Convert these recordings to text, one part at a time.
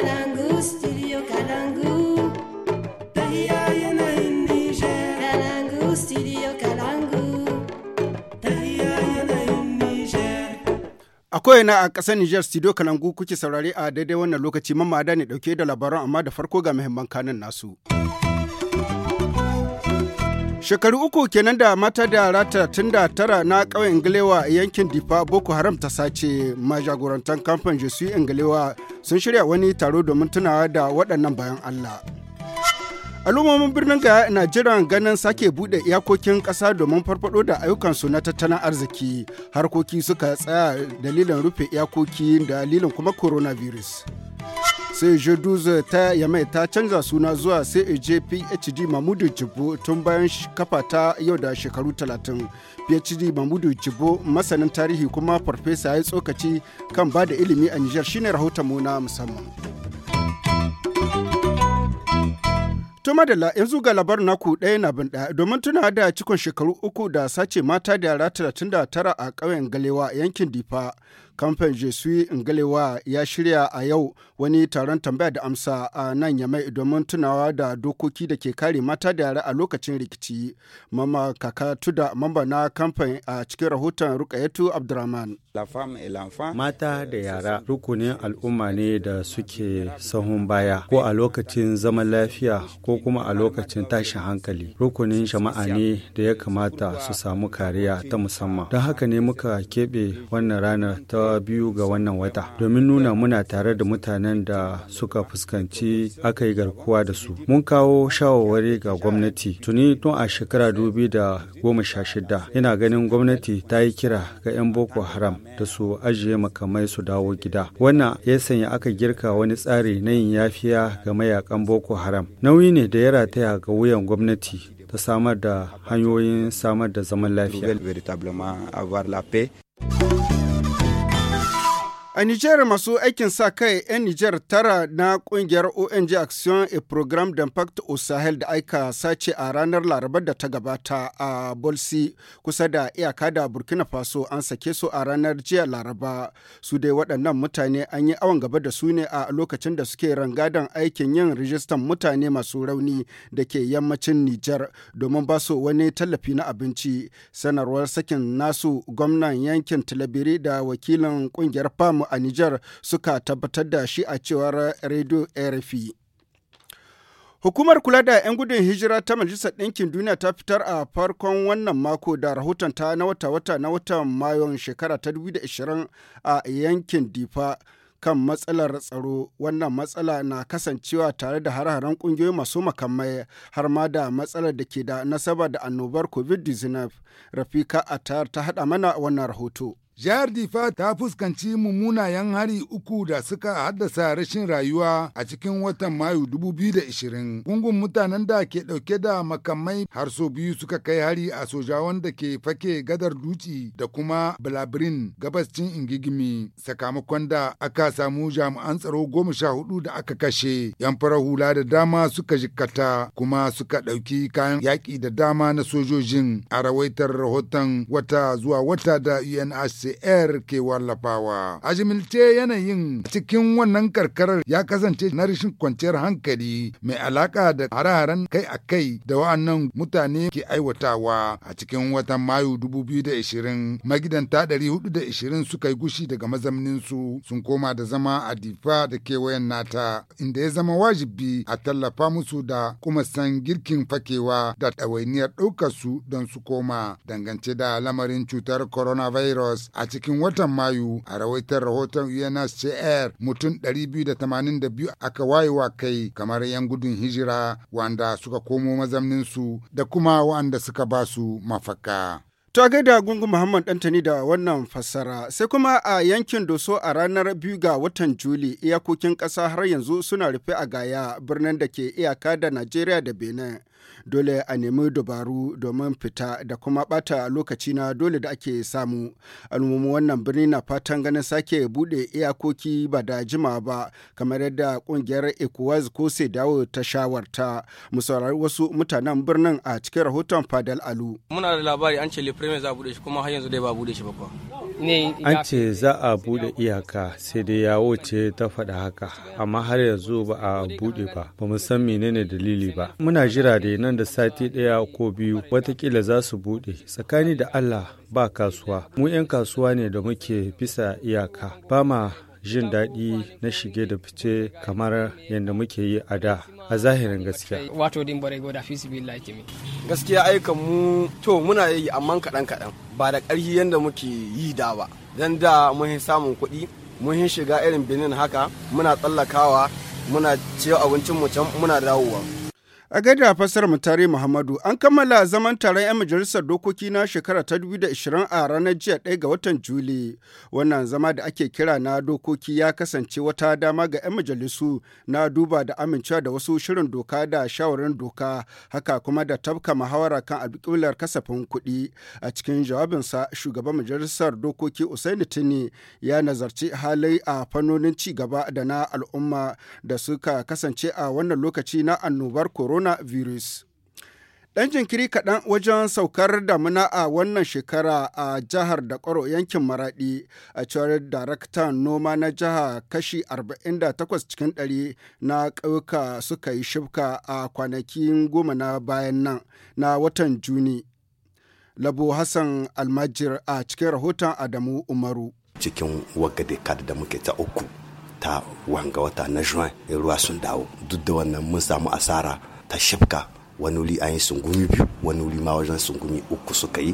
Kalangu, na A koyana a ƙasar Nijar studio Kalangu kuke saurari a daidai wannan lokaci mamada ne ɗauke da labaran amma da farko ga muhimman kanin nasu. Shekaru uku kenan da mata da rata tun da tara na ƙauyen Ingilewa yankin Difa Boko Haram ta sace majagorantar kamfan Jesu Ingilewa sun shirya wani taro domin tunawa da waɗannan bayan Allah. Al'ummomin birnin Gaya na jiran ganin sake buɗe iyakokin ƙasa domin farfaɗo da ayyukansu na tattalin arziki. Harkoki suka tsaya dalilin rufe iyakoki dalilin kuma coronavirus. sai Joduza ta Yamai ta canza suna zuwa sai eje PhD Mamudu Jibo tun bayan kafa ta yau da shekaru 30. PhD Mamudu Jibo masanin tarihi kuma farfesa ya tsokaci kan ba da ilimi a Nijar shine rahoton mu na musamman. To madalla yanzu ga labar naku ɗaya na bin ɗaya domin tuna da cikon shekaru uku da sace mata da yara 39 a ƙauyen Galewa yankin Difa. Kamfen Jesui Ngalewa ya shirya a yau wani taron tambaya da amsa a nan Yamai domin tunawa da dokoki da ke kare mata da yara a lokacin rikici. Mama Kaka Tuda mamba na kamfen a cikin rahoton Rukayatu Abdurrahman. Mata euh, da yara rukunin al'umma ne da suke sahun baya ko a lokacin zaman lafiya ko kuma a lokacin tashin hankali. Rukunin jama'a ne da ya kamata su samu kariya ta musamman. Don haka ne muka keɓe wannan ranar ta ta biyu ga wannan wata domin nuna muna tare da mutanen da suka fuskanci aka yi garkuwa da su. Mun kawo shawarwari ga gwamnati tuni tun a shekara dubi da goma sha shida. Ina ganin gwamnati ta yi kira ga 'yan Boko Haram da su ajiye makamai su dawo gida. Wannan ya sanya aka girka wani tsari na yin yafiya ga mayakan Boko Haram. Nauyi ne da ya rataya ga wuyan gwamnati ta samar da hanyoyin samar da zaman lafiya. A Nijar masu aikin sa kai 'yan Nijar tara na kungiyar ONG Action a Programme d'Impact au Sahel da aika sace a ranar Larabar da ta gabata a Bolsi kusa da iyaka da Burkina Faso an sake su a ranar jiya Laraba. Su dai waɗannan mutane an yi awon gaba da su ne a lokacin da suke rangadan aikin yin rijistan mutane masu rauni da ke yammacin Nijar domin ba su wani tallafi na abinci. Sanarwar sakin nasu gwamnan yankin Tilabiri da wakilin kungiyar PAM a Nijar suka tabbatar da shi a cewar Radio RFI. Hukumar kula da 'yan gudun hijira ta Majalisar Ɗinkin Duniya ta fitar a farkon wannan mako da rahotonta na wata-wata na watan mayon shekara ta 2020 a yankin Difa. kan matsalar tsaro wannan matsala na kasancewa tare da har-haren kungiyoyi masu makamai har ma da matsalar da ke da nasaba da annobar covid-19 rafika atar ta haɗa mana wannan rahoto Jihar Difa ta fuskanci mummunayen hari uku da suka haddasa rashin rayuwa a cikin watan Mayu 2020. Gungun mutanen da ke ɗauke da makamai har so biyu suka kai hari a sojawan wanda ke fake gadar duci da kuma Blabirin gabascin Ingigimi sakamakon da aka samu jami'an tsaro goma sha hudu da aka kashe. Yan fara hula da dama suka jikkata kuma suka ɗauki kayan yaƙi da dama na sojojin a rawaitar rahoton wata zuwa wata da UNHCR. CR ke wallafawa. A jimilce yanayin cikin wannan karkarar ya kasance na rashin kwanciyar hankali mai alaka da hare-haren kai a kai da wa'annan mutane ke aiwatawa a cikin watan Mayu 2020 magidanta 420 suka yi gushi daga su sun koma da zama a difa da kewayen nata inda ya zama wajibi a tallafa musu da kuma san girkin fakewa da ɗawainiyar ɗaukar su don su koma dangance da lamarin cutar coronavirus a cikin watan Mayu a rawaitar rahoton UNHCR mutum 282 aka wayewa kai kamar 'yan gudun hijira wanda suka komo mazamninsu da kuma wanda suka ba su mafaka. Ta gaida gungun Muhammad Dantani da wannan fassara, sai kuma a yankin Doso a ranar biyu ga watan Juli iyakokin ƙasa har yanzu suna rufe a Gaya birnin da ke iyaka da Najeriya da Benin. dole a nemi dabaru domin fita da kuma bata lokaci na dole da ake samu al'ummomin wannan birni na fatan ganin sake bude iyakoki ba da jima ba kamar yadda kungiyar ecowas ko sai dawo ta shawarta mu saurari wasu mutanen birnin a cikin rahoton fadal alu muna da labari an ce le za a bude shi kuma har yanzu dai ba bude shi ba an ce za a bude iyaka sai dai yawo ce ta faɗa haka amma har yanzu ba a bude ba ba mu san menene dalili ba muna jira da nan da sati ɗaya ko biyu watakila za su buɗe tsakani da allah ba kasuwa mu 'yan kasuwa ne da muke bisa iyaka ba ma jin daɗi na shige da fice kamar yadda muke yi a da a zahirin gaskiya. Wato din bare goda fi su Gaskiya aikan mu to muna yi amma kaɗan kaɗan ba da ƙarfi yadda muke yi da ba. Dan da mun samun kuɗi mun shiga irin Benin haka muna tsallakawa muna ciyo abincin mu can muna dawowa. A gaida fasar Mutare Muhammadu, an kammala zaman taron 'yan majalisar dokoki na shekara ta 2020 a ranar jiya daya ga watan Juli. Wannan zama da ake kira na dokoki ya kasance wata dama ga 'yan majalisu na duba da amincewa da wasu shirin doka da shawarin doka, haka kuma da tabka muhawara kan alƙiblar kasafin kuɗi. A cikin jawabinsa, shugaban majalisar dokoki Usaini Tini ya nazarci halai a fannonin ci gaba da na al'umma da suka kasance a wannan lokaci na annobar corona coronavirus. Ɗan jinkiri kaɗan wajen saukar damuna a wannan shekara a jihar da ƙwaro yankin Maraɗi a cewar daraktan noma na jiha kashi 48 cikin 100 na ƙauka suka yi shifka a kwanakin goma na bayan nan na watan Juni. Labo Hassan Almajir a cikin rahoton Adamu Umaru. Cikin wakadekar da muke ta uku ta wanga wata na juan ruwa sun dawo duk da wannan mun samu asara ta shafka wani wuri an yi sungumi biyu wani wuri ma wajen sungumi uku suka yi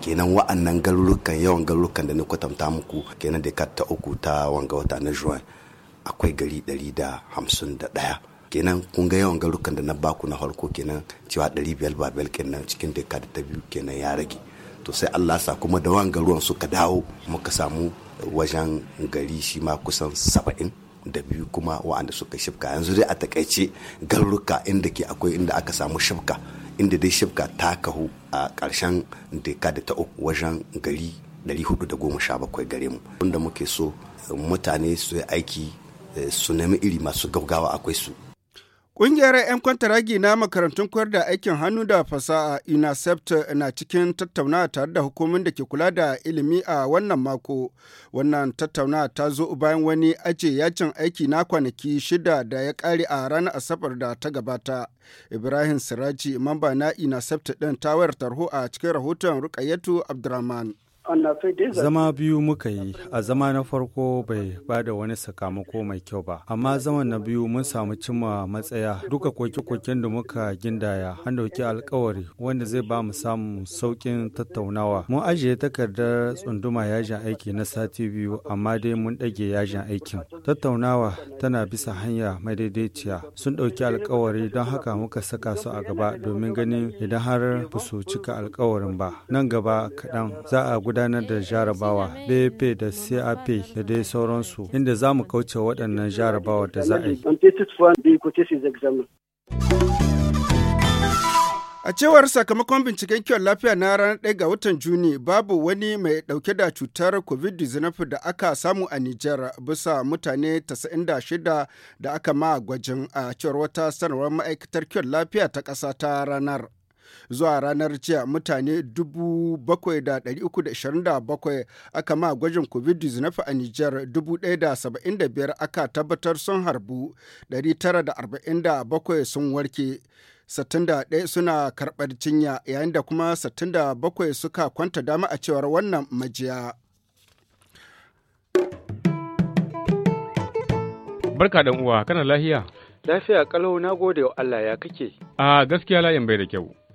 kenan wa'annan garurukan yawan garurukan da na kwatanta muku kenan da ta uku ta wanga wata na juwan akwai gari ɗari da hamsin da ɗaya kenan kun ga yawan garurukan da na baku na farko kenan cewa ɗari biyar ba biyar kenan cikin da ta biyu kenan ya rage to sai allah sa kuma da wanga garuruwan suka dawo muka samu wajen gari shi ma kusan saba'in da biyu kuma wa'anda suka shifka yanzu dai a takaice garuruka inda ke akwai inda aka samu shifka inda dai shifka ta kahu a ƙarshen deka da ta uku wajen gari 417 gare mu wanda muke so mutane su yi aiki eh, su nemi iri masu gaugawa akwai su Ƙungiyar 'yan kwantaragi na makarantun koyar da aikin hannu da fasaha UNICEF na cikin tattaunawa tare da hukumin da ke kula da ilimi a wannan mako. Wannan tattaunawa ta zo bayan wani aje yajin aiki na kwanaki shida da ya kare a ranar Asabar da ta gabata. Ibrahim Siraji, mamba na UNICEF ɗin ta wayar tarho a cikin rahoton Rukayatu Abdurrahman. Zama biyu muka yi, a zama na farko bai ba da wani sakamako mai kyau ba, amma zaman na biyu mun samu cimma matsaya duka koke-koken da muka gindaya an dauki alkawari wanda zai ba mu samu saukin tattaunawa. Mun ajiye takardar tsunduma yajin aiki na sati biyu amma dai mun ɗage yajin aikin. Tattaunawa tana bisa hanya mai daidaiciya sun ɗauki alkawari don haka muka saka su a gaba domin ganin idan har ba su cika alkawarin ba. Nan gaba kaɗan za a gudanar da jarabawa bp da cap da dai sauransu inda za mu kauce waɗannan jarabawa da za a yi A cewar sakamakon binciken kiwon lafiya na ranar 1 ga watan Juni babu wani mai dauke da cutar COVID-19 da aka samu a Nijar bisa mutane 96 da aka ma gwajin a cewar wata sanarwar ma'aikatar kiwon lafiya ta ƙasa ta ranar. zuwa ranar jiya mutane 7,327 aka ma gwajin covid-19 a Nijar 1,075 aka tabbatar sun harbu 947 sun warke. 61 suna karɓar jinya yayin da kuma 67 suka kwanta dama a cewar wannan majiya. Barka dan uwa kana lahiya? Lafiya kalau na gode wa Allah ya kake. A gaskiya layin bai da kyau.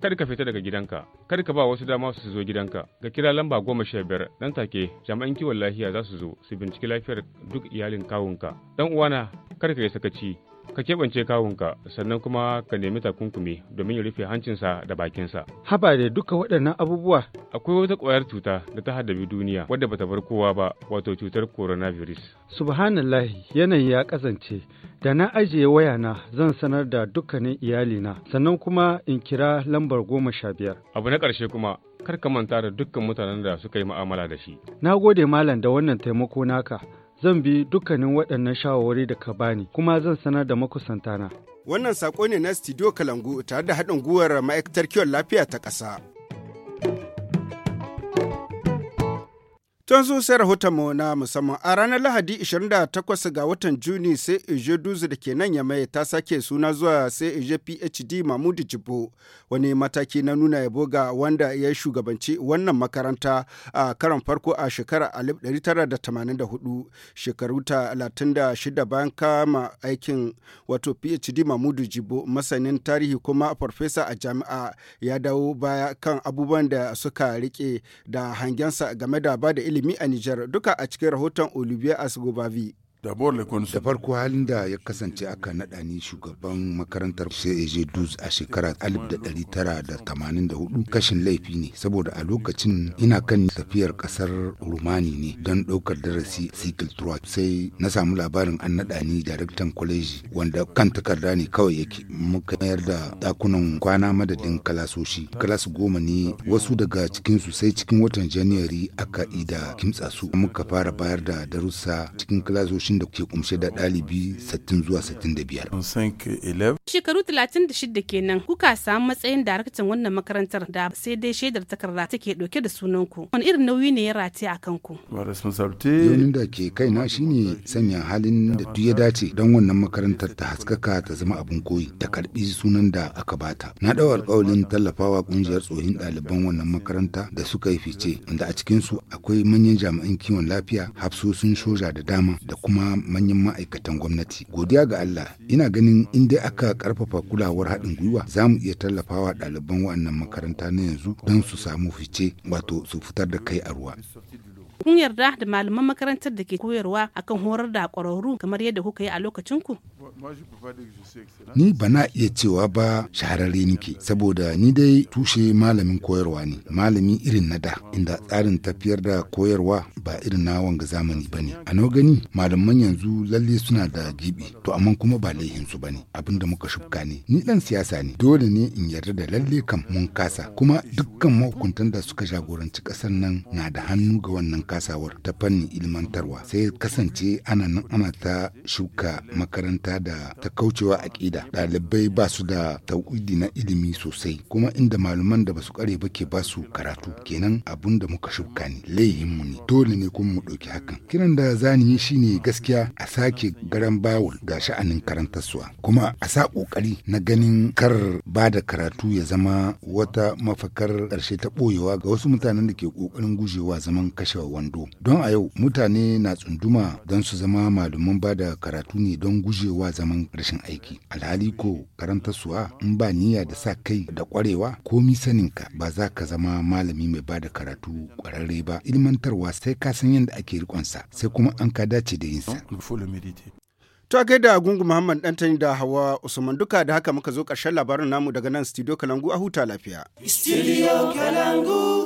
kar ka fita daga gidanka kar ka ba wasu dama su zo gidanka ga kira lamba goma sha biyar nan take jami'an kiwon lafiya za su zo su binciki lafiyar duk iyalin kawunka dan uwana kar ka yi sakaci ka keɓance kawunka sannan kuma ka nemi takunkumi domin ya rufe hancinsa da bakinsa. Haba da duka waɗannan abubuwa. Akwai wata ƙwayar cuta da ta haddabi duniya wadda bata bar kowa ba wato cutar coronavirus. Subhanallah yanayi ya kasance Da na ajiye wayana zan sanar da dukkanin iyalina sannan kuma in kira lambar goma sha biyar. Abu na ƙarshe kuma kar ka manta da dukkan mutanen da suka yi ma'amala da shi. Na gode malam da wannan taimako naka. Zan bi dukkanin waɗannan shawarwari da ka bani kuma zan sanar da makusantana. Wannan saƙo ne na Studio Kalangu tare da haɗin gwiwar ma'aikatar kiwon lafiya ta ƙasa. Tun su sai rahoton mu na musamman a ranar Lahadi 28 ga watan Juni sai Eje Duzu da ke nan ya mai ta sake suna zuwa sai Eje PhD Mahmudu Jibo wani mataki na nuna yabo ga wanda ya shugabanci wannan makaranta a karan farko a shekarar 1984 shekaru ta 36 bayan kama aikin wato PhD Mahmudu Jibo masanin tarihi kuma farfesa a jami'a ya dawo baya kan abubuwan da suka rike da hangensa game da bada da ilimi a Nijar duka a cikin rahoton Olivier Asgobavi. da farko halin da ya kasance aka naɗa ni shugaban makarantar CAG Duz a shekara da tara tamanin da hudu kashin laifi ne saboda a lokacin ina kan tafiyar kasar Rumani ne don ɗaukar darasi Sikil Truck sai na samu labarin an naɗa ni daraktan kwaleji wanda kan takarda ne kawai yake muka mayar da ɗakunan kwana madadin kalasoshi kalas goma ne wasu daga cikinsu sai cikin watan Janairu aka ida kimtsa su muka fara bayar da darussa cikin kalasoshi lokacin da ke kumshe da ɗalibi 60 zuwa 65. Shekaru 36 kenan kuka samu matsayin daraktan wannan makarantar da sai dai shaidar takarda take ɗauke da sunanku. Wani irin nauyi ne ya rati a kanku? Yaunin da ke kaina shine sanya halin da duk ya dace don wannan makarantar ta haskaka ta zama abin koyi ta karbi sunan da aka bata. Na ɗau alƙawalin tallafawa ƙungiyar tsohin ɗaliban wannan makaranta da suka yi fice, inda a cikinsu akwai manyan jami'an kiwon lafiya, hafsosin soja da dama da kuma kuma manyan ma'aikatan gwamnati. Godiya ga Allah, ina ganin in dai aka karfafa kulawar haɗin gwiwa za mu iya tallafawa ɗaliban waɗannan makaranta na yanzu don su samu fice wato su fitar da kai a ruwa. kun yarda da malaman makarantar da ke koyarwa akan horar da kwararru kamar yadda kuka yi a lokacin ku ni ba na iya cewa ba shahararre nike saboda ni dai tushe malamin koyarwa ne malami irin na da inda tsarin tafiyar da koyarwa ba irin na wanga zamani ba ne a nawa gani malaman yanzu lalle suna da gibi to amma kuma ba laihin ba ne abin da muka shubka ne ni dan siyasa ne dole ne in yarda da lalle kan mun kasa kuma dukkan mahukuntan da suka jagoranci kasar nan na da hannu ga wannan kasawar ta fannin ilmantarwa sai kasance ana nan ana ta shuka makaranta da ta kaucewa aƙida ɗalibai ba su da tauidi na ilimi sosai kuma inda malaman da basu kare ba ke ba su karatu kenan abun da muka shuka ne laihinmu ne dole ne kuma mu ɗauki hakan kiran da za zani yi shine gaskiya a sake garan bawul ga sha'anin karantarsuwa kuma a sa ƙoƙari na ganin kar ba da karatu ya zama wata mafakar ƙarshe ta ɓoyewa ga wasu mutanen da ke ƙoƙarin gujewa zaman kashewa wando don a yau mutane na tsunduma don su zama malaman ba da karatu ne don gujewa zaman rashin aiki alhali ko karantarsuwa in ba niyya da sa kai da kwarewa komi ka ba za ka zama malami mai ba da karatu kwararre ba ilmantarwa sai ka san yadda ake rikonsa sai kuma an ka dace da yinsa ta kai da gungu Muhammad Dantani da Hawa Usman duka da haka muka zo ƙarshen labarin namu daga nan studio Kalangu a huta lafiya. Studio Kalangu.